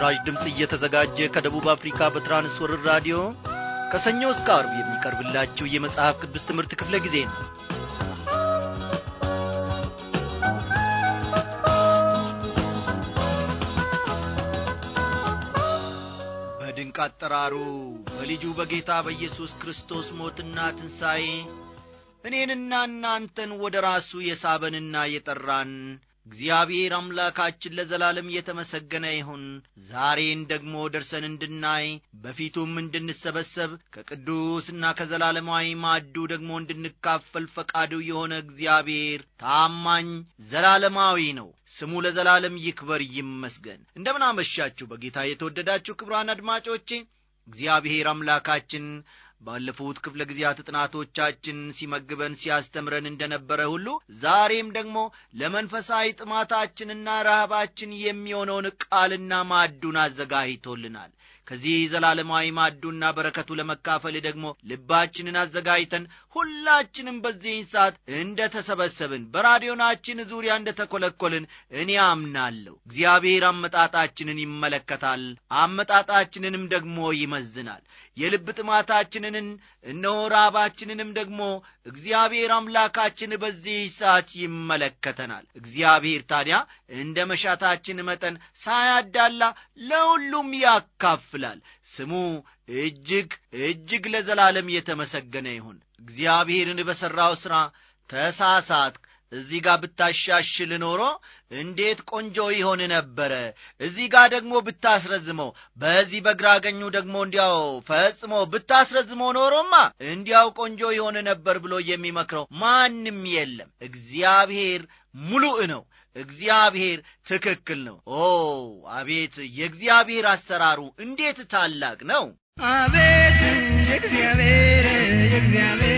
ለምስራች ድምፅ እየተዘጋጀ ከደቡብ አፍሪካ በትራንስወርር ራዲዮ ከሰኞ እስከ አርብ የሚቀርብላችሁ የመጽሐፍ ቅዱስ ትምህርት ክፍለ ጊዜ ነው በድንቅ አጠራሩ በልጁ በጌታ በኢየሱስ ክርስቶስ ሞትና ትንሣኤ እኔንና እናንተን ወደ ራሱ የሳበንና የጠራን እግዚአብሔር አምላካችን ለዘላለም እየተመሰገነ ይሁን። ዛሬን ደግሞ ደርሰን እንድናይ በፊቱም እንድንሰበሰብ ከቅዱስና ከዘላለማዊ ማዕዱ ደግሞ እንድንካፈል ፈቃዱ የሆነ እግዚአብሔር ታማኝ ዘላለማዊ ነው። ስሙ ለዘላለም ይክበር ይመስገን። እንደምናመሻችሁ በጌታ የተወደዳችሁ ክብራን አድማጮቼ እግዚአብሔር አምላካችን ባለፉት ክፍለ ጊዜያት ጥናቶቻችን ሲመግበን ሲያስተምረን እንደነበረ ሁሉ ዛሬም ደግሞ ለመንፈሳዊ ጥማታችንና ረሃባችን የሚሆነውን ቃልና ማዕዱን አዘጋጅቶልናል ከዚህ ዘላለማዊ ማዱና በረከቱ ለመካፈል ደግሞ ልባችንን አዘጋጅተን ሁላችንም በዚህን ሰዓት እንደ ተሰበሰብን በራዲዮናችን ዙሪያ እንደ ተኰለኰልን እኔ አምናለሁ። እግዚአብሔር አመጣጣችንን ይመለከታል፣ አመጣጣችንንም ደግሞ ይመዝናል። የልብ ጥማታችንንን እነሆ ራባችንንም ደግሞ እግዚአብሔር አምላካችን በዚህ ሰዓት ይመለከተናል። እግዚአብሔር ታዲያ እንደ መሻታችን መጠን ሳያዳላ ለሁሉም ያካፍላል። ስሙ እጅግ እጅግ ለዘላለም የተመሰገነ ይሁን። እግዚአብሔርን በሠራው ሥራ ተሳሳትክ እዚህ ጋር ብታሻሽል ኖሮ እንዴት ቆንጆ ይሆን ነበረ። እዚህ ጋር ደግሞ ብታስረዝመው፣ በዚህ በግራ ገኙ ደግሞ እንዲያው ፈጽሞ ብታስረዝመው ኖሮማ እንዲያው ቆንጆ ይሆን ነበር ብሎ የሚመክረው ማንም የለም። እግዚአብሔር ሙሉእ ነው። እግዚአብሔር ትክክል ነው። ኦ አቤት የእግዚአብሔር አሰራሩ እንዴት ታላቅ ነው! አቤት የእግዚአብሔር የእግዚአብሔር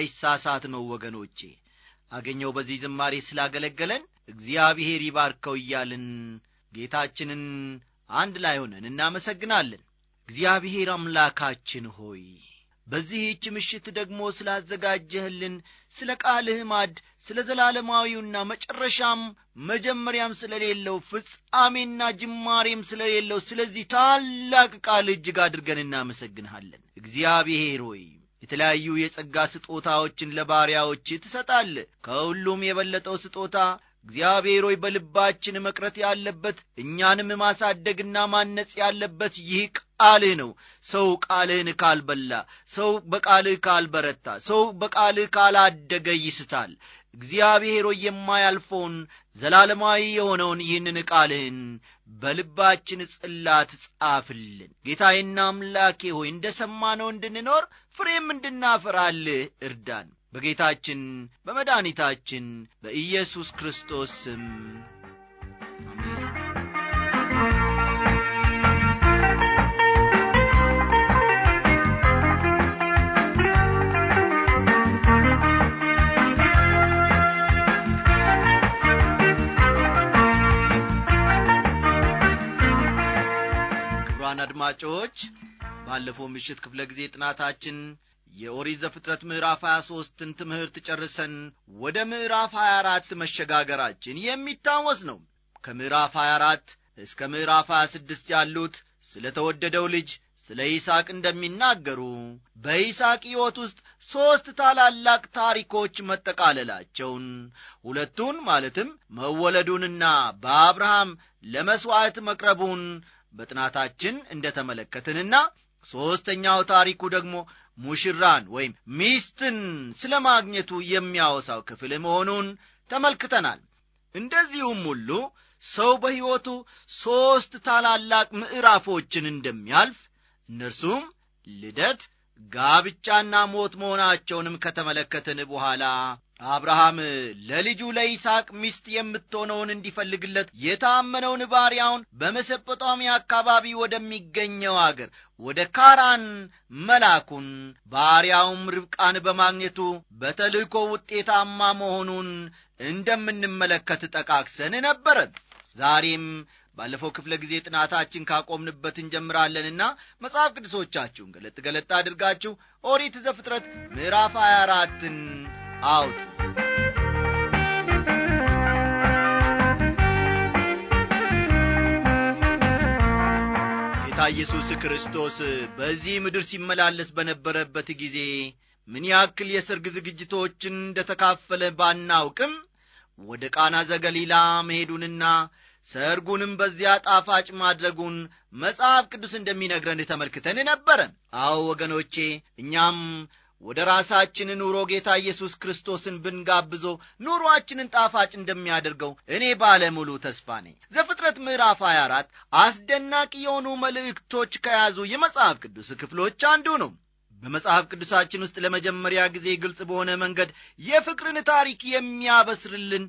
እንዳይሳሳት ነው ወገኖቼ አገኘው በዚህ ዝማሬ ስላገለገለን እግዚአብሔር ይባርከው እያልን ጌታችንን አንድ ላይ ሆነን እናመሰግናለን እግዚአብሔር አምላካችን ሆይ በዚህች ምሽት ደግሞ ስላዘጋጀህልን ስለ ቃልህ ማድ ስለ ዘላለማዊውና መጨረሻም መጀመሪያም ስለሌለው ፍጻሜና ጅማሬም ስለሌለው ስለዚህ ታላቅ ቃል እጅግ አድርገን እናመሰግንሃለን እግዚአብሔር ሆይ የተለያዩ የጸጋ ስጦታዎችን ለባሪያዎች ትሰጣል ከሁሉም የበለጠው ስጦታ እግዚአብሔር ሆይ በልባችን መቅረት ያለበት እኛንም ማሳደግና ማነጽ ያለበት ይህ ቃልህ ነው ሰው ቃልህን ካልበላ ሰው በቃልህ ካልበረታ ሰው በቃልህ ካላደገ ይስታል እግዚአብሔር ሆይ የማያልፈውን ዘላለማዊ የሆነውን ይህንን ቃልህን በልባችን ጽላት ጻፍልን። ጌታዬና አምላኬ ሆይ እንደ ሰማነው እንድንኖር ፍሬም እንድናፈራልህ እርዳን። በጌታችን በመድኃኒታችን በኢየሱስ ክርስቶስ ስም አድማጮች ባለፈው ምሽት ክፍለ ጊዜ ጥናታችን የኦሪዘ ፍጥረት ምዕራፍ 23ን ትምህርት ጨርሰን ወደ ምዕራፍ 24 መሸጋገራችን የሚታወስ ነው። ከምዕራፍ 24 እስከ ምዕራፍ 26 ያሉት ስለ ተወደደው ልጅ ስለ ይስሐቅ እንደሚናገሩ በይስሐቅ ሕይወት ውስጥ ሦስት ታላላቅ ታሪኮች መጠቃለላቸውን ሁለቱን ማለትም መወለዱንና በአብርሃም ለመሥዋዕት መቅረቡን በጥናታችን ተመለከትንና ሦስተኛው ታሪኩ ደግሞ ሙሽራን ወይም ሚስትን ስለ ማግኘቱ የሚያወሳው ክፍል መሆኑን ተመልክተናል። እንደዚሁም ሁሉ ሰው በሕይወቱ ሦስት ታላላቅ ምዕራፎችን እንደሚያልፍ እነርሱም ልደት፣ ጋብቻና ሞት መሆናቸውንም ከተመለከትን በኋላ አብርሃም ለልጁ ለይስሐቅ ሚስት የምትሆነውን እንዲፈልግለት የታመነውን ባሪያውን በመሰጶጣሚያ አካባቢ ወደሚገኘው አገር ወደ ካራን መላኩን ባሪያውም ርብቃን በማግኘቱ በተልእኮ ውጤታማ መሆኑን እንደምንመለከት ጠቃክሰን ነበረን። ዛሬም ባለፈው ክፍለ ጊዜ ጥናታችን ካቆምንበት እንጀምራለንና መጽሐፍ ቅዱሶቻችሁን ገለጥ ገለጥ አድርጋችሁ ኦሪት ዘፍጥረት ምዕራፍ 24ን አውጡ። ጌታ ኢየሱስ ክርስቶስ በዚህ ምድር ሲመላለስ በነበረበት ጊዜ ምን ያክል የሰርግ ዝግጅቶችን እንደ ተካፈለ ባናውቅም ወደ ቃና ዘገሊላ መሄዱንና ሰርጉንም በዚያ ጣፋጭ ማድረጉን መጽሐፍ ቅዱስ እንደሚነግረን ተመልክተን ነበረ አዎ ወገኖቼ፣ እኛም ወደ ራሳችን ኑሮ ጌታ ኢየሱስ ክርስቶስን ብንጋብዞ ኑሮአችንን ጣፋጭ እንደሚያደርገው እኔ ባለሙሉ ተስፋ ነኝ። ዘፍጥረት ምዕራፍ 24 አስደናቂ የሆኑ መልእክቶች ከያዙ የመጽሐፍ ቅዱስ ክፍሎች አንዱ ነው። በመጽሐፍ ቅዱሳችን ውስጥ ለመጀመሪያ ጊዜ ግልጽ በሆነ መንገድ የፍቅርን ታሪክ የሚያበስርልን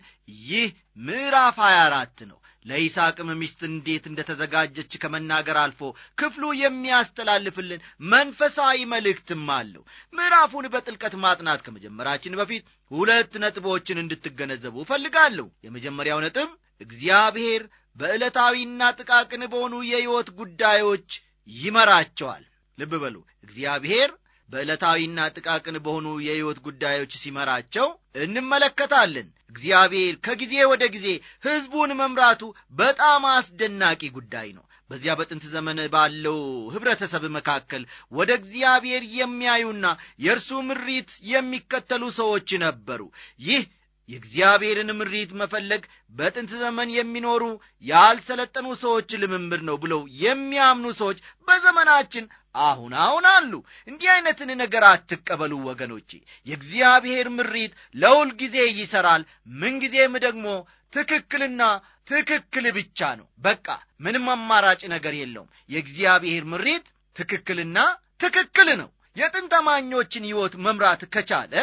ይህ ምዕራፍ 24 ነው። ለይስሐቅም ሚስት እንዴት እንደተዘጋጀች ከመናገር አልፎ ክፍሉ የሚያስተላልፍልን መንፈሳዊ መልእክትም አለው። ምዕራፉን በጥልቀት ማጥናት ከመጀመራችን በፊት ሁለት ነጥቦችን እንድትገነዘቡ እፈልጋለሁ። የመጀመሪያው ነጥብ እግዚአብሔር በዕለታዊና ጥቃቅን በሆኑ የሕይወት ጉዳዮች ይመራቸዋል። ልብ በሉ፣ እግዚአብሔር በዕለታዊና ጥቃቅን በሆኑ የሕይወት ጉዳዮች ሲመራቸው እንመለከታለን። እግዚአብሔር ከጊዜ ወደ ጊዜ ሕዝቡን መምራቱ በጣም አስደናቂ ጉዳይ ነው። በዚያ በጥንት ዘመን ባለው ኅብረተሰብ መካከል ወደ እግዚአብሔር የሚያዩና የእርሱ ምሪት የሚከተሉ ሰዎች ነበሩ። ይህ የእግዚአብሔርን ምሪት መፈለግ በጥንት ዘመን የሚኖሩ ያልሰለጠኑ ሰዎች ልምምድ ነው ብለው የሚያምኑ ሰዎች በዘመናችን አሁን አሁን አሉ። እንዲህ አይነትን ነገር አትቀበሉ ወገኖቼ። የእግዚአብሔር ምሪት ለሁል ጊዜ ይሠራል፣ ምንጊዜም ደግሞ ትክክልና ትክክል ብቻ ነው። በቃ ምንም አማራጭ ነገር የለውም። የእግዚአብሔር ምሪት ትክክልና ትክክል ነው። የጥንት አማኞችን ሕይወት መምራት ከቻለ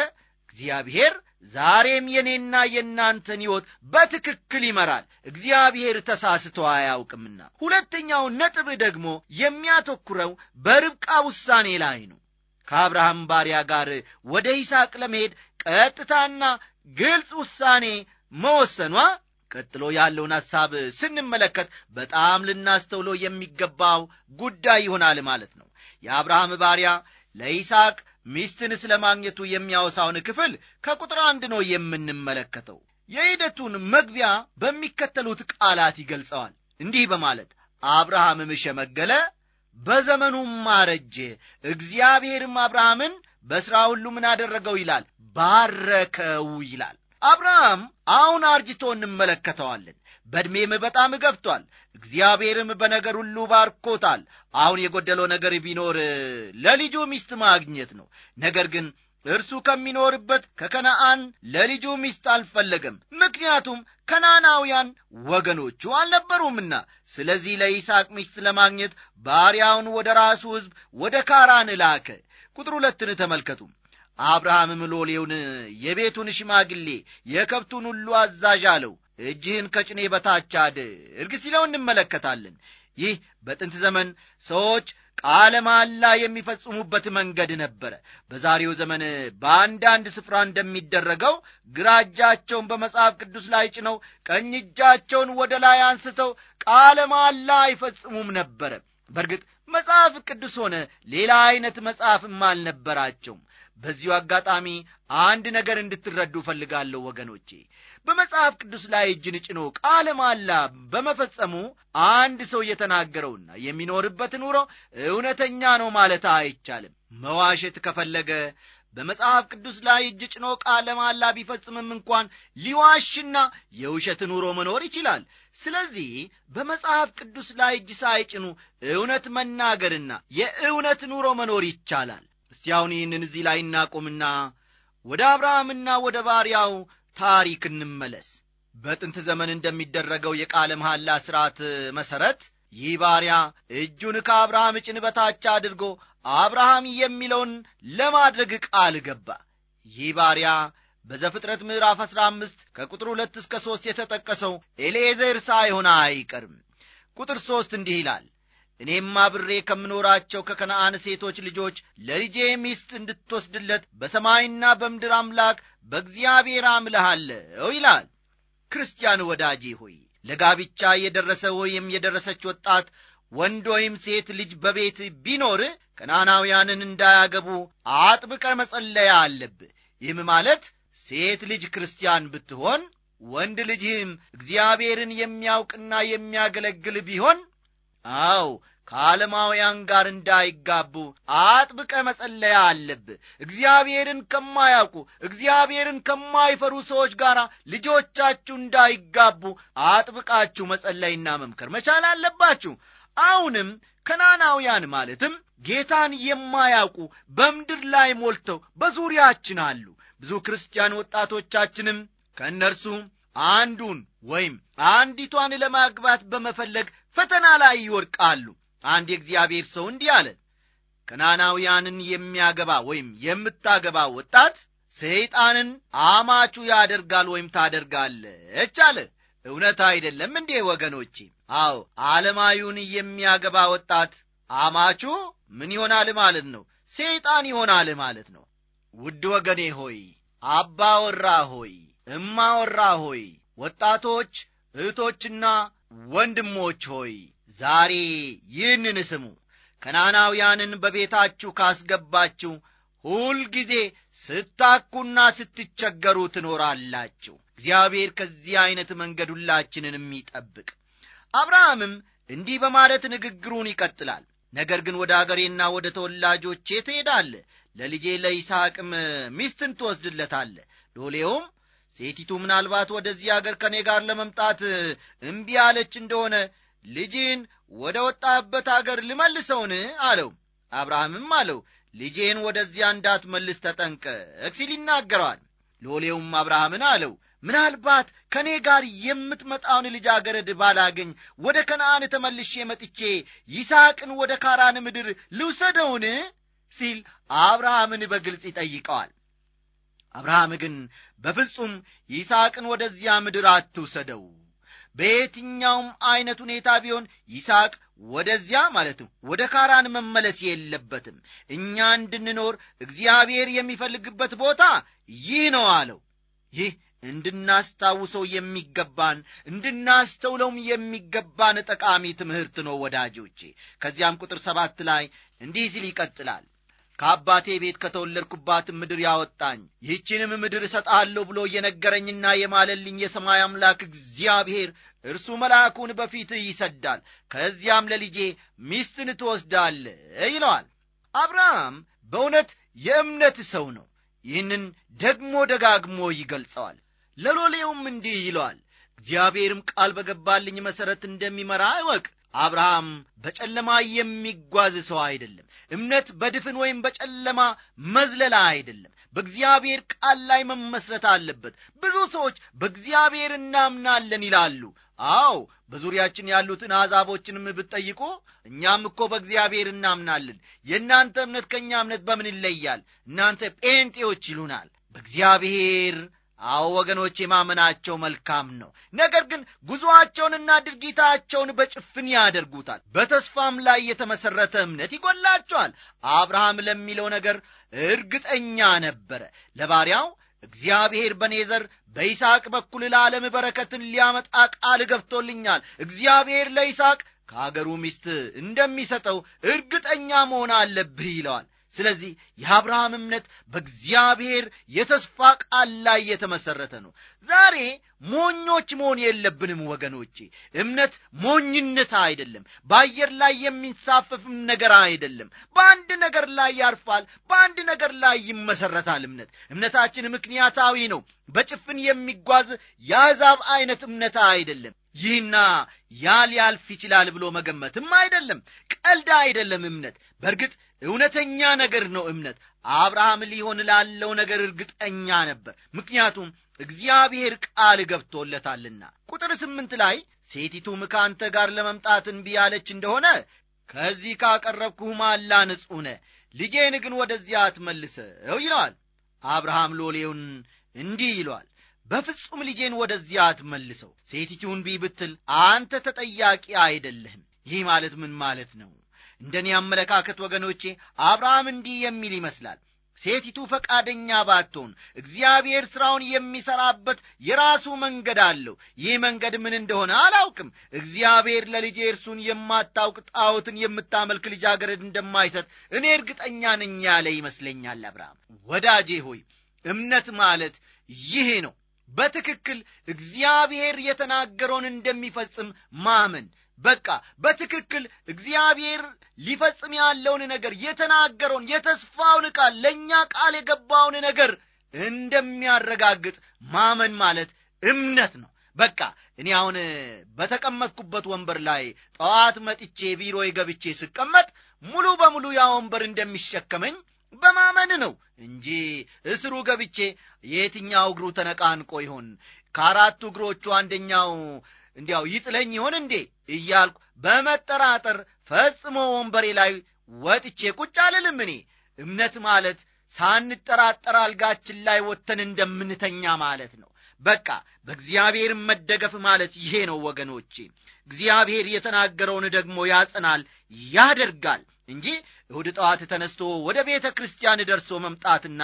እግዚአብሔር ዛሬም የኔና የእናንተን ሕይወት በትክክል ይመራል። እግዚአብሔር ተሳስቶ አያውቅምና። ሁለተኛው ነጥብ ደግሞ የሚያተኩረው በርብቃ ውሳኔ ላይ ነው። ከአብርሃም ባሪያ ጋር ወደ ይስሐቅ ለመሄድ ቀጥታና ግልጽ ውሳኔ መወሰኗ ቀጥሎ ያለውን ሐሳብ ስንመለከት በጣም ልናስተውሎ የሚገባው ጉዳይ ይሆናል ማለት ነው። የአብርሃም ባሪያ ለይስሐቅ ሚስትን ስለ ማግኘቱ የሚያወሳውን ክፍል ከቁጥር አንድ ነው የምንመለከተው። የሂደቱን መግቢያ በሚከተሉት ቃላት ይገልጸዋል እንዲህ በማለት አብርሃምም ሸመገለ፣ በዘመኑም አረጀ፣ እግዚአብሔርም አብርሃምን በሥራ ሁሉ ምን አደረገው ይላል? ባረከው ይላል። አብርሃም አሁን አርጅቶ እንመለከተዋለን። በዕድሜም በጣም ገፍቷል። እግዚአብሔርም በነገር ሁሉ ባርኮታል። አሁን የጎደለው ነገር ቢኖር ለልጁ ሚስት ማግኘት ነው። ነገር ግን እርሱ ከሚኖርበት ከከነአን ለልጁ ሚስት አልፈለገም፣ ምክንያቱም ከናናውያን ወገኖቹ አልነበሩምና። ስለዚህ ለይስሐቅ ሚስት ለማግኘት ባሪያውን ወደ ራሱ ሕዝብ ወደ ካራን ላከ። ቁጥር ሁለትን ተመልከቱ። አብርሃምም ሎሌውን የቤቱን ሽማግሌ የከብቱን ሁሉ አዛዥ አለው። እጅህን ከጭኔ በታች አድርግ ሲለው እንመለከታለን። ይህ በጥንት ዘመን ሰዎች ቃለ ማላ የሚፈጽሙበት መንገድ ነበረ። በዛሬው ዘመን በአንዳንድ ስፍራ እንደሚደረገው ግራ እጃቸውን በመጽሐፍ ቅዱስ ላይ ጭነው ቀኝ እጃቸውን ወደ ላይ አንስተው ቃለ ማላ አይፈጽሙም ነበረ። በእርግጥ መጽሐፍ ቅዱስ ሆነ ሌላ አይነት መጽሐፍም አልነበራቸውም። በዚሁ አጋጣሚ አንድ ነገር እንድትረዱ እፈልጋለሁ ወገኖቼ በመጽሐፍ ቅዱስ ላይ እጅን ጭኖ ቃለ ማላ በመፈጸሙ አንድ ሰው የተናገረውና የሚኖርበት ኑሮ እውነተኛ ነው ማለት አይቻልም። መዋሸት ከፈለገ በመጽሐፍ ቅዱስ ላይ እጅ ጭኖ ቃለ ማላ ቢፈጽምም እንኳን ሊዋሽና የውሸት ኑሮ መኖር ይችላል። ስለዚህ በመጽሐፍ ቅዱስ ላይ እጅ ሳይጭኑ እውነት መናገርና የእውነት ኑሮ መኖር ይቻላል። እስቲ አሁን ይህንን እዚህ ላይ እናቁምና ወደ አብርሃምና ወደ ባሪያው ታሪክ እንመለስ። በጥንት ዘመን እንደሚደረገው የቃለ መሐላ ሥርዓት መሠረት ይህ ባሪያ እጁን ከአብርሃም ጭን በታች አድርጎ አብርሃም የሚለውን ለማድረግ ቃል ገባ። ይህ ባሪያ በዘፍጥረት ምዕራፍ ዐሥራ አምስት ከቁጥር ሁለት እስከ ሦስት የተጠቀሰው ኤሌዘር ሳይሆን አይቀርም። ቁጥር ሦስት እንዲህ ይላል እኔም አብሬ ከምኖራቸው ከከነአን ሴቶች ልጆች ለልጄ ሚስት እንድትወስድለት በሰማይና በምድር አምላክ በእግዚአብሔር አምልሃለሁ ይላል። ክርስቲያን ወዳጄ ሆይ ለጋብቻ የደረሰ ወይም የደረሰች ወጣት ወንድ ወይም ሴት ልጅ በቤት ቢኖር ከናናውያንን እንዳያገቡ አጥብቀ መጸለያ አለብ። ይህም ማለት ሴት ልጅ ክርስቲያን ብትሆን ወንድ ልጅህም እግዚአብሔርን የሚያውቅና የሚያገለግል ቢሆን አው ከዓለማውያን ጋር እንዳይጋቡ አጥብቀ መጸለያ አለብ እግዚአብሔርን ከማያውቁ እግዚአብሔርን ከማይፈሩ ሰዎች ጋር ልጆቻችሁ እንዳይጋቡ አጥብቃችሁ መጸለይና መምከር መቻል አለባችሁ። አሁንም ከናናውያን ማለትም ጌታን የማያውቁ በምድር ላይ ሞልተው በዙሪያችን አሉ። ብዙ ክርስቲያን ወጣቶቻችንም ከእነርሱ አንዱን ወይም አንዲቷን ለማግባት በመፈለግ ፈተና ላይ ይወድቃሉ። አንድ የእግዚአብሔር ሰው እንዲህ አለ፣ ከናናውያንን የሚያገባ ወይም የምታገባ ወጣት ሰይጣንን አማቹ ያደርጋል ወይም ታደርጋለች አለ። እውነት አይደለም እንዴ ወገኖቼ? አዎ፣ ዓለማዊውን የሚያገባ ወጣት አማቹ ምን ይሆናል ማለት ነው? ሰይጣን ይሆናል ማለት ነው። ውድ ወገኔ ሆይ፣ አባወራ ሆይ እማወራ ሆይ ወጣቶች እህቶችና ወንድሞች ሆይ ዛሬ ይህንን ስሙ ከናናውያንን በቤታችሁ ካስገባችሁ ሁል ጊዜ ስታኩና ስትቸገሩ ትኖራላችሁ እግዚአብሔር ከዚህ ዐይነት መንገድ ሁላችንንም ይጠብቅ አብርሃምም እንዲህ በማለት ንግግሩን ይቀጥላል ነገር ግን ወደ አገሬና ወደ ተወላጆቼ ትሄዳለ ለልጄ ለይስሐቅም ሚስትን ትወስድለታለ ሎሌውም ሴቲቱ ምናልባት ወደዚህ አገር ከእኔ ጋር ለመምጣት እምቢ አለች እንደሆነ ልጅን ወደ ወጣበት አገር ልመልሰውን አለው አብርሃምም አለው ልጄን ወደዚያ መልስ ተጠንቀቅ ሲል ይናገረዋል ሎሌውም አብርሃምን አለው ምናልባት ከእኔ ጋር የምትመጣውን አገረድ ባላገኝ ወደ ከነአን ተመልሼ መጥቼ ይስሐቅን ወደ ካራን ምድር ልውሰደውን ሲል አብርሃምን በግልጽ ይጠይቀዋል አብርሃም ግን በፍጹም ይስሐቅን ወደዚያ ምድር አትውሰደው በየትኛውም ዐይነት ሁኔታ ቢሆን ይስሐቅ ወደዚያ ማለትም ወደ ካራን መመለስ የለበትም እኛ እንድንኖር እግዚአብሔር የሚፈልግበት ቦታ ይህ ነው አለው ይህ እንድናስታውሰው የሚገባን እንድናስተውለውም የሚገባን ጠቃሚ ትምህርት ነው ወዳጆቼ ከዚያም ቁጥር ሰባት ላይ እንዲህ ሲል ይቀጥላል ከአባቴ ቤት ከተወለድኩባት ምድር ያወጣኝ ይህችንም ምድር እሰጣለሁ ብሎ የነገረኝና የማለልኝ የሰማይ አምላክ እግዚአብሔር እርሱ መልአኩን በፊት ይሰዳል፣ ከዚያም ለልጄ ሚስትን ትወስዳለ ይለዋል። አብርሃም በእውነት የእምነት ሰው ነው። ይህንን ደግሞ ደጋግሞ ይገልጸዋል። ለሎሌውም እንዲህ ይለዋል፣ እግዚአብሔርም ቃል በገባልኝ መሠረት እንደሚመራ እወቅ አብርሃም በጨለማ የሚጓዝ ሰው አይደለም። እምነት በድፍን ወይም በጨለማ መዝለላ አይደለም። በእግዚአብሔር ቃል ላይ መመስረት አለበት። ብዙ ሰዎች በእግዚአብሔር እናምናለን ይላሉ። አዎ በዙሪያችን ያሉትን አሕዛቦችንም ብትጠይቁ እኛም እኮ በእግዚአብሔር እናምናለን፣ የእናንተ እምነት ከእኛ እምነት በምን ይለያል? እናንተ ጴንጤዎች ይሉናል። በእግዚአብሔር አዎ ወገኖች የማመናቸው መልካም ነው። ነገር ግን ጉዞአቸውንና ድርጊታቸውን በጭፍን ያደርጉታል። በተስፋም ላይ የተመሠረተ እምነት ይጎላቸዋል። አብርሃም ለሚለው ነገር እርግጠኛ ነበረ። ለባሪያው እግዚአብሔር በኔዘር በይስቅ በኩል ለዓለም በረከትን ሊያመጣ ቃል ገብቶልኛል፣ እግዚአብሔር ለይስቅ ከአገሩ ሚስት እንደሚሰጠው እርግጠኛ መሆን አለብህ ይለዋል። ስለዚህ የአብርሃም እምነት በእግዚአብሔር የተስፋ ቃል ላይ የተመሠረተ ነው። ዛሬ ሞኞች መሆን የለብንም ወገኖቼ። እምነት ሞኝነት አይደለም። በአየር ላይ የሚንሳፈፍም ነገር አይደለም። በአንድ ነገር ላይ ያርፋል፣ በአንድ ነገር ላይ ይመሠረታል። እምነት እምነታችን ምክንያታዊ ነው። በጭፍን የሚጓዝ የአሕዛብ አይነት እምነት አይደለም። ይህና ያ ሊያልፍ ይችላል ብሎ መገመትም አይደለም። ቀልድ አይደለም እምነት በእርግጥ እውነተኛ ነገር ነው እምነት አብርሃም ሊሆን ላለው ነገር እርግጠኛ ነበር ምክንያቱም እግዚአብሔር ቃል ገብቶለታልና ቁጥር ስምንት ላይ ሴቲቱም ከአንተ ጋር ለመምጣት እንቢ ያለች እንደሆነ ከዚህ ካቀረብኩህ ማላ ንጹነ ልጄን ግን ወደዚያ አትመልሰው ይለዋል አብርሃም ሎሌውን እንዲህ ይሏል በፍጹም ልጄን ወደዚያ አትመልሰው ሴቲቱን ቢ ብትል አንተ ተጠያቂ አይደለህም ይህ ማለት ምን ማለት ነው እንደኔ አመለካከት ወገኖቼ አብርሃም እንዲህ የሚል ይመስላል ሴቲቱ ፈቃደኛ ባትሆን እግዚአብሔር ሥራውን የሚሠራበት የራሱ መንገድ አለው። ይህ መንገድ ምን እንደሆነ አላውቅም። እግዚአብሔር ለልጄ እርሱን የማታውቅ ጣዖትን የምታመልክ ልጃገረድ እንደማይሰጥ እኔ እርግጠኛ ነኝ ያለ ይመስለኛል አብርሃም። ወዳጄ ሆይ እምነት ማለት ይሄ ነው። በትክክል እግዚአብሔር የተናገረውን እንደሚፈጽም ማመን በቃ በትክክል እግዚአብሔር ሊፈጽም ያለውን ነገር የተናገረውን የተስፋውን ቃል ለእኛ ቃል የገባውን ነገር እንደሚያረጋግጥ ማመን ማለት እምነት ነው በቃ እኔ አሁን በተቀመጥኩበት ወንበር ላይ ጠዋት መጥቼ ቢሮ የገብቼ ስቀመጥ ሙሉ በሙሉ ያ ወንበር እንደሚሸከመኝ በማመን ነው እንጂ እስሩ ገብቼ የትኛው እግሩ ተነቃንቆ ይሆን ከአራቱ እግሮቹ አንደኛው እንዲያው ይጥለኝ ይሆን እንዴ እያልኩ በመጠራጠር ፈጽሞ ወንበሬ ላይ ወጥቼ ቁጭ አልልም። እኔ እምነት ማለት ሳንጠራጠር አልጋችን ላይ ወጥተን እንደምንተኛ ማለት ነው። በቃ በእግዚአብሔር መደገፍ ማለት ይሄ ነው ወገኖቼ። እግዚአብሔር የተናገረውን ደግሞ ያጸናል፣ ያደርጋል እንጂ እሁድ ጠዋት ተነስቶ ወደ ቤተ ክርስቲያን ደርሶ መምጣትና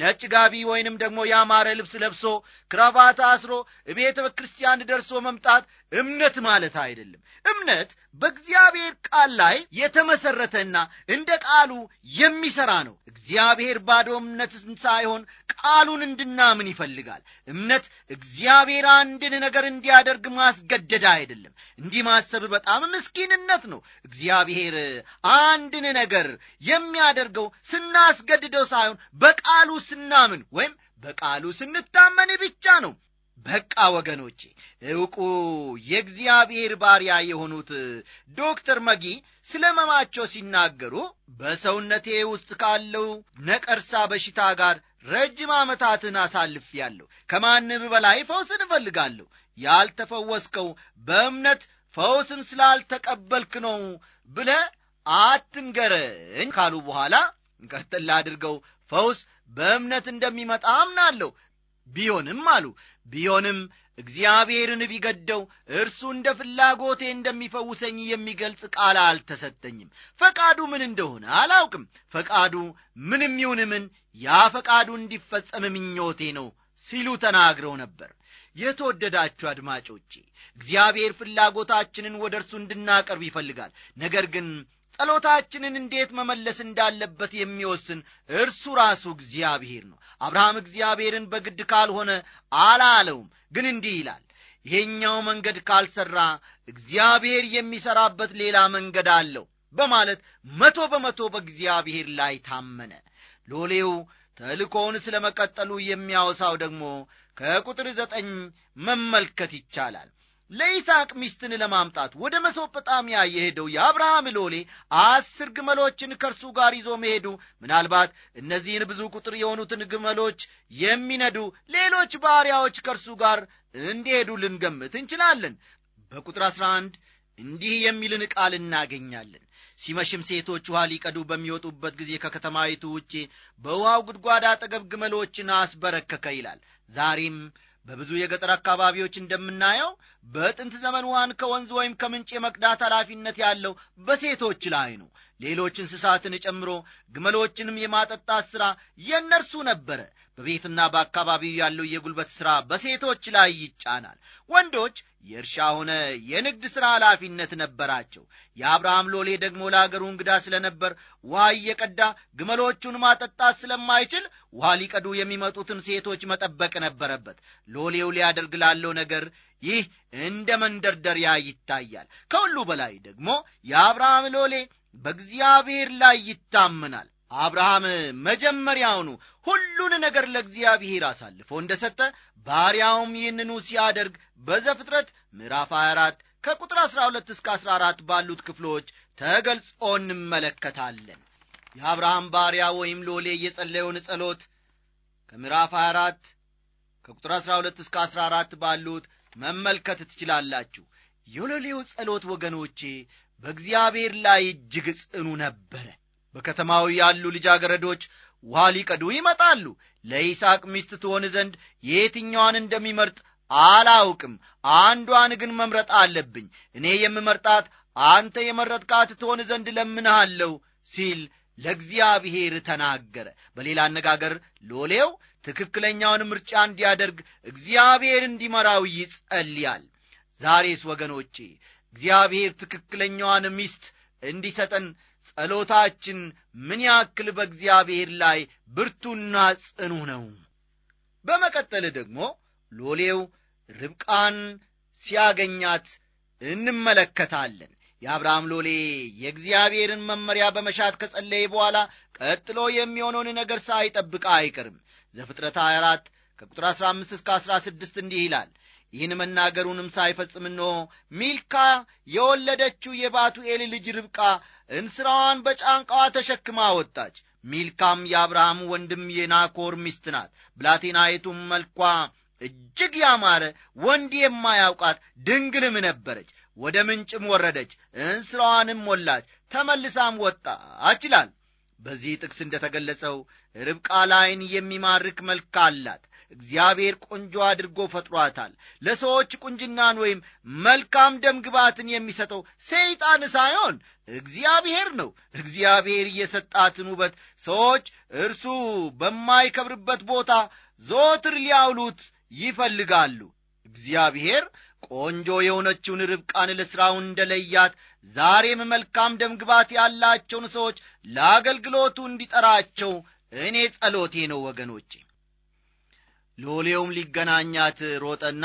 ነጭ ጋቢ ወይንም ደግሞ ያማረ ልብስ ለብሶ ክራቫት አስሮ ቤተ ክርስቲያን ደርሶ መምጣት እምነት ማለት አይደለም። እምነት በእግዚአብሔር ቃል ላይ የተመሠረተና እንደ ቃሉ የሚሠራ ነው። እግዚአብሔር ባዶ እምነት ሳይሆን ቃሉን እንድናምን ይፈልጋል። እምነት እግዚአብሔር አንድን ነገር እንዲያደርግ ማስገደድ አይደለም። እንዲህ ማሰብ በጣም ምስኪንነት ነው። እግዚአብሔር አንድን ነገር የሚያደርገው ስናስገድደው ሳይሆን በቃሉ ስናምን ወይም በቃሉ ስንታመን ብቻ ነው። በቃ ወገኖቼ ዕውቁ የእግዚአብሔር ባሪያ የሆኑት ዶክተር መጊ ስለ መማቸው ሲናገሩ በሰውነቴ ውስጥ ካለው ነቀርሳ በሽታ ጋር ረጅም ዓመታትን አሳልፌአለሁ። ከማንም በላይ ፈውስን እፈልጋለሁ። ያልተፈወስከው በእምነት ፈውስን ስላልተቀበልክ ነው ብለ አትንገረኝ ካሉ በኋላ ቀጥል አድርገው ፈውስ በእምነት እንደሚመጣ አምናለሁ ቢሆንም አሉ ቢሆንም እግዚአብሔርን ቢገደው እርሱ እንደ ፍላጎቴ እንደሚፈውሰኝ የሚገልጽ ቃል አልተሰጠኝም ፈቃዱ ምን እንደሆነ አላውቅም ፈቃዱ ምንም ይሁን ምን ያ ፈቃዱ እንዲፈጸም ምኞቴ ነው ሲሉ ተናግረው ነበር የተወደዳችሁ አድማጮቼ እግዚአብሔር ፍላጎታችንን ወደ እርሱ እንድናቀርብ ይፈልጋል ነገር ግን ጸሎታችንን እንዴት መመለስ እንዳለበት የሚወስን እርሱ ራሱ እግዚአብሔር ነው። አብርሃም እግዚአብሔርን በግድ ካልሆነ አላለውም፣ ግን እንዲህ ይላል ይሄኛው መንገድ ካልሠራ እግዚአብሔር የሚሠራበት ሌላ መንገድ አለው በማለት መቶ በመቶ በእግዚአብሔር ላይ ታመነ። ሎሌው ተልእኮውን ስለ መቀጠሉ የሚያወሳው ደግሞ ከቁጥር ዘጠኝ መመልከት ይቻላል። ለይስሐቅ ሚስትን ለማምጣት ወደ መሶጵጣሚያ የሄደው የአብርሃም ሎሌ አስር ግመሎችን ከእርሱ ጋር ይዞ መሄዱ ምናልባት እነዚህን ብዙ ቁጥር የሆኑትን ግመሎች የሚነዱ ሌሎች ባሪያዎች ከእርሱ ጋር እንዲሄዱ ልንገምት እንችላለን። በቁጥር 11 እንዲህ የሚልን ቃል እናገኛለን። ሲመሽም ሴቶች ውሃ ሊቀዱ በሚወጡበት ጊዜ ከከተማይቱ ውጪ በውሃው ጉድጓዳ አጠገብ ግመሎችን አስበረከከ ይላል። ዛሬም በብዙ የገጠር አካባቢዎች እንደምናየው በጥንት ዘመን ውሃን ከወንዝ ወይም ከምንጭ የመቅዳት ኃላፊነት ያለው በሴቶች ላይ ነው ሌሎች እንስሳትን ጨምሮ ግመሎችንም የማጠጣት ሥራ የእነርሱ ነበረ። በቤትና በአካባቢው ያለው የጉልበት ሥራ በሴቶች ላይ ይጫናል። ወንዶች የእርሻ ሆነ የንግድ ሥራ ኃላፊነት ነበራቸው። የአብርሃም ሎሌ ደግሞ ለአገሩ እንግዳ ስለነበር ውሃ እየቀዳ ግመሎቹን ማጠጣት ስለማይችል ውሃ ሊቀዱ የሚመጡትን ሴቶች መጠበቅ ነበረበት። ሎሌው ሊያደርግ ላለው ነገር ይህ እንደ መንደርደሪያ ይታያል። ከሁሉ በላይ ደግሞ የአብርሃም ሎሌ በእግዚአብሔር ላይ ይታመናል። አብርሃም መጀመሪያውኑ ሁሉን ነገር ለእግዚአብሔር አሳልፎ እንደ ሰጠ ባሪያውም ይህንኑ ሲያደርግ በዘፍጥረት ምዕራፍ 24 ከቁጥር 12 እስከ 14 ባሉት ክፍሎች ተገልጾ እንመለከታለን። የአብርሃም ባሪያ ወይም ሎሌ የጸለየውን ጸሎት ከምዕራፍ 24 ከቁጥር 12 እስከ 14 ባሉት መመልከት ትችላላችሁ። የሎሌው ጸሎት ወገኖቼ በእግዚአብሔር ላይ እጅግ ጽኑ ነበረ። በከተማው ያሉ ልጃገረዶች ውሃ ሊቀዱ ይመጣሉ። ለይስሐቅ ሚስት ትሆን ዘንድ የትኛዋን እንደሚመርጥ አላውቅም። አንዷን ግን መምረጥ አለብኝ። እኔ የምመርጣት አንተ የመረጥካት ትሆን ዘንድ ለምንሃለሁ ሲል ለእግዚአብሔር ተናገረ። በሌላ አነጋገር ሎሌው ትክክለኛውን ምርጫ እንዲያደርግ እግዚአብሔር እንዲመራው ይጸልያል። ዛሬስ ወገኖቼ እግዚአብሔር ትክክለኛዋን ሚስት እንዲሰጠን ጸሎታችን ምን ያክል በእግዚአብሔር ላይ ብርቱና ጽኑ ነው። በመቀጠል ደግሞ ሎሌው ርብቃን ሲያገኛት እንመለከታለን። የአብርሃም ሎሌ የእግዚአብሔርን መመሪያ በመሻት ከጸለየ በኋላ ቀጥሎ የሚሆነውን ነገር ሳይጠብቅ አይቀርም። ዘፍጥረት 24 ከቁጥር 15 እስከ 16 እንዲህ ይላል ይህን መናገሩንም ሳይፈጽም እነሆ ሚልካ የወለደችው የባቱኤል ልጅ ርብቃ እንስራዋን በጫንቃዋ ተሸክማ ወጣች። ሚልካም የአብርሃም ወንድም የናኮር ሚስት ናት። ብላቴናይቱም መልኳ እጅግ ያማረ ወንድ የማያውቃት ድንግልም ነበረች። ወደ ምንጭም ወረደች፣ እንስራዋንም ሞላች፣ ተመልሳም ወጣች ይላል። በዚህ ጥቅስ እንደተገለጸው ርብቃ ላይን የሚማርክ መልክ አላት። እግዚአብሔር ቆንጆ አድርጎ ፈጥሯታል። ለሰዎች ቁንጅናን ወይም መልካም ደም ግባትን የሚሰጠው ሰይጣን ሳይሆን እግዚአብሔር ነው። እግዚአብሔር የሰጣትን ውበት ሰዎች እርሱ በማይከብርበት ቦታ ዘወትር ሊያውሉት ይፈልጋሉ። እግዚአብሔር ቆንጆ የሆነችውን ርብቃን ለሥራው እንደለያት ዛሬም መልካም ደምግባት ያላቸውን ሰዎች ለአገልግሎቱ እንዲጠራቸው እኔ ጸሎቴ ነው ወገኖቼ። ሎሌውም ሊገናኛት ሮጠና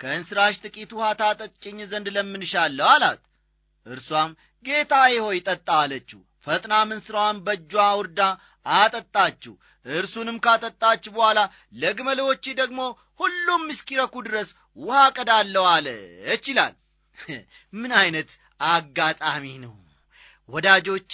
ከእንስራሽ ጥቂት ውሃ ታጠጭኝ ዘንድ ለምንሻለሁ አላት። እርሷም ጌታዬ ሆይ ጠጣ አለችው። ፈጥና ምንስራዋን በእጇ ውርዳ አጠጣችው። እርሱንም ካጠጣች በኋላ ለግመሎቼ ደግሞ ሁሉም እስኪረኩ ድረስ ውሃ ቀዳለሁ አለች ይላል። ምን ዐይነት አጋጣሚ ነው ወዳጆቼ!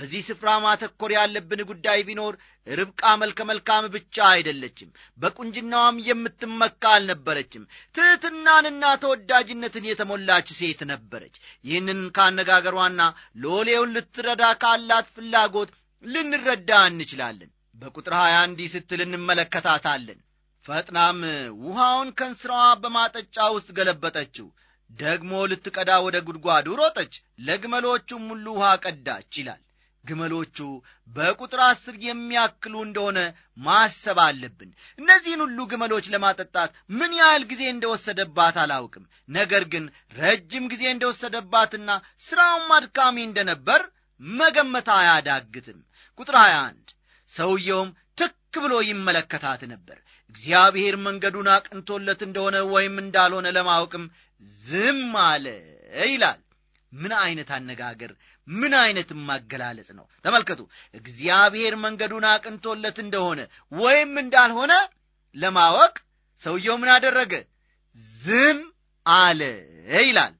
በዚህ ስፍራ ማተኮር ያለብን ጉዳይ ቢኖር ርብቃ መልከ መልካም ብቻ አይደለችም፣ በቁንጅናዋም የምትመካ አልነበረችም። ትሕትናንና ተወዳጅነትን የተሞላች ሴት ነበረች። ይህንን ካነጋገሯና ሎሌውን ልትረዳ ካላት ፍላጎት ልንረዳ እንችላለን። በቁጥር ሀያ እንዲህ ስትል እንመለከታታለን። ፈጥናም ውሃውን ከንስራዋ በማጠጫ ውስጥ ገለበጠችው። ደግሞ ልትቀዳ ወደ ጉድጓዱ ሮጠች፣ ለግመሎቹም ሁሉ ውሃ ቀዳች ይላል። ግመሎቹ በቁጥር አስር የሚያክሉ እንደሆነ ማሰብ አለብን። እነዚህን ሁሉ ግመሎች ለማጠጣት ምን ያህል ጊዜ እንደወሰደባት አላውቅም። ነገር ግን ረጅም ጊዜ እንደወሰደባትና ሥራውም አድካሚ እንደነበር መገመት አያዳግትም። ቁጥር 21 ሰውየውም ትክ ብሎ ይመለከታት ነበር። እግዚአብሔር መንገዱን አቅንቶለት እንደሆነ ወይም እንዳልሆነ ለማወቅም ዝም አለ ይላል። ምን ዐይነት አነጋገር ምን አይነት ማገላለጽ ነው! ተመልከቱ። እግዚአብሔር መንገዱን አቅንቶለት እንደሆነ ወይም እንዳልሆነ ለማወቅ ሰውየው ምን አደረገ? ዝም አለ ይላል።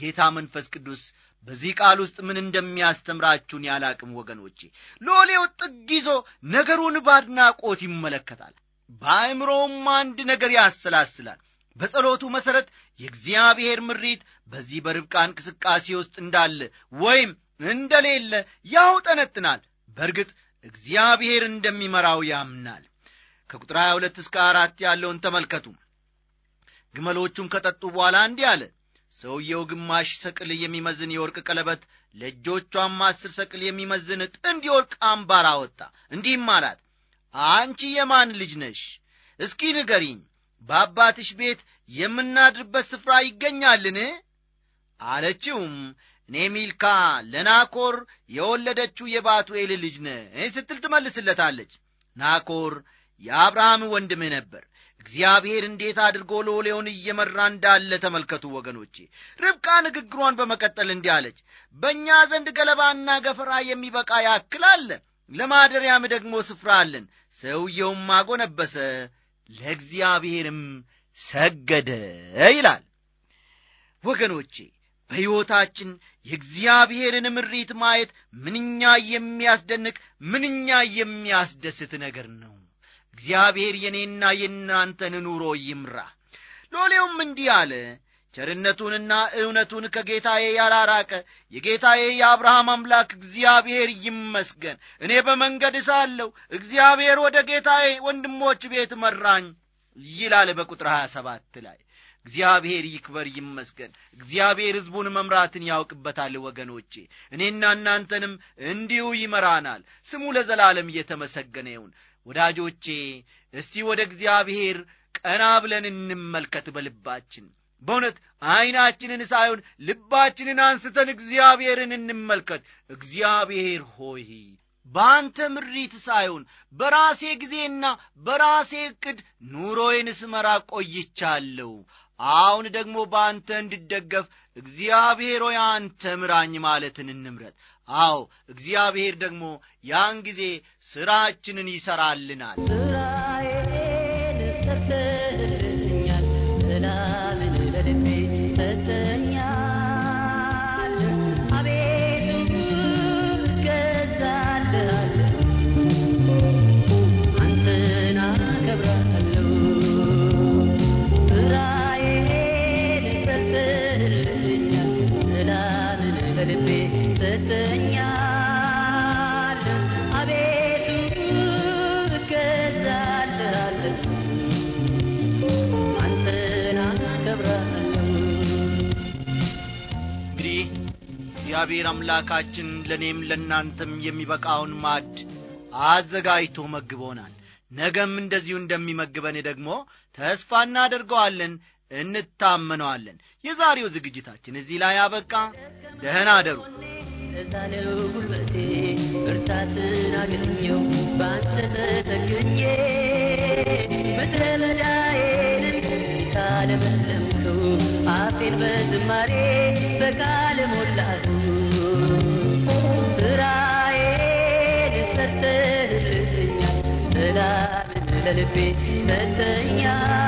ጌታ መንፈስ ቅዱስ በዚህ ቃል ውስጥ ምን እንደሚያስተምራችሁን ያላቅም ወገኖቼ። ሎሌው ጥግ ይዞ ነገሩን በአድናቆት ይመለከታል። በአእምሮውም አንድ ነገር ያሰላስላል። በጸሎቱ መሠረት የእግዚአብሔር ምሪት በዚህ በርብቃ እንቅስቃሴ ውስጥ እንዳለ ወይም እንደሌለ ያውጠነጥናል። በእርግጥ እግዚአብሔር እንደሚመራው ያምናል። ከቁጥር 22 እስከ አራት ያለውን ተመልከቱ። ግመሎቹም ከጠጡ በኋላ እንዲህ አለ። ሰውየው ግማሽ ሰቅል የሚመዝን የወርቅ ቀለበት፣ ለእጆቿም አስር ሰቅል የሚመዝን ጥንድ የወርቅ አምባር አወጣ። እንዲህም አላት፣ አንቺ የማን ልጅ ነሽ? እስኪ ንገሪኝ በአባትሽ ቤት የምናድርበት ስፍራ ይገኛልን አለችውም እኔ ሚልካ ለናኮር የወለደችው የባቱኤል ልጅ ነ ስትል ትመልስለታለች ናኮር የአብርሃም ወንድምህ ነበር እግዚአብሔር እንዴት አድርጎ ሎሌውን እየመራ እንዳለ ተመልከቱ ወገኖቼ ርብቃ ንግግሯን በመቀጠል እንዲህ አለች በእኛ ዘንድ ገለባና ገፈራ የሚበቃ ያክል አለ ለማደሪያም ደግሞ ስፍራ አለን ሰውየውም አጎነበሰ ለእግዚአብሔርም ሰገደ ይላል። ወገኖቼ በሕይወታችን የእግዚአብሔርን ምሪት ማየት ምንኛ የሚያስደንቅ ምንኛ የሚያስደስት ነገር ነው። እግዚአብሔር የእኔና የእናንተን ኑሮ ይምራ። ሎሌውም እንዲህ አለ፣ ቸርነቱንና እውነቱን ከጌታዬ ያላራቀ የጌታዬ የአብርሃም አምላክ እግዚአብሔር ይመስገን። እኔ በመንገድ እሳለሁ እግዚአብሔር ወደ ጌታዬ ወንድሞች ቤት መራኝ ይላል በቁጥር 27 ላይ። እግዚአብሔር ይክበር ይመስገን። እግዚአብሔር ሕዝቡን መምራትን ያውቅበታል። ወገኖቼ እኔና እናንተንም እንዲሁ ይመራናል። ስሙ ለዘላለም እየተመሰገነ ይሁን። ወዳጆቼ እስቲ ወደ እግዚአብሔር ቀና ብለን እንመልከት በልባችን በእውነት ዐይናችንን ሳይሆን ልባችንን አንስተን እግዚአብሔርን እንመልከት። እግዚአብሔር ሆይ በአንተ ምሪት ሳይሆን በራሴ ጊዜና በራሴ ዕቅድ ኑሮዬን ስመራ ቆይቻለሁ። አሁን ደግሞ በአንተ እንድደገፍ እግዚአብሔር ሆይ አንተ ምራኝ ማለትን እንምረጥ። አዎ እግዚአብሔር ደግሞ ያን ጊዜ ሥራችንን ይሠራልናል። እግዚአብሔር አምላካችን ለእኔም ለእናንተም የሚበቃውን ማድ አዘጋጅቶ መግቦናል ነገም እንደዚሁ እንደሚመግበን ደግሞ ተስፋ እናደርገዋለን እንታመነዋለን የዛሬው ዝግጅታችን እዚህ ላይ አበቃ ደህና አደሩ እዛለው ጉልበቴ ብርታትን አገኘው በአንተ ተተክኜ ምድረ በዳዬንም አፌን በዝማሬ በቃለ ሞላቱ let it be said to ya.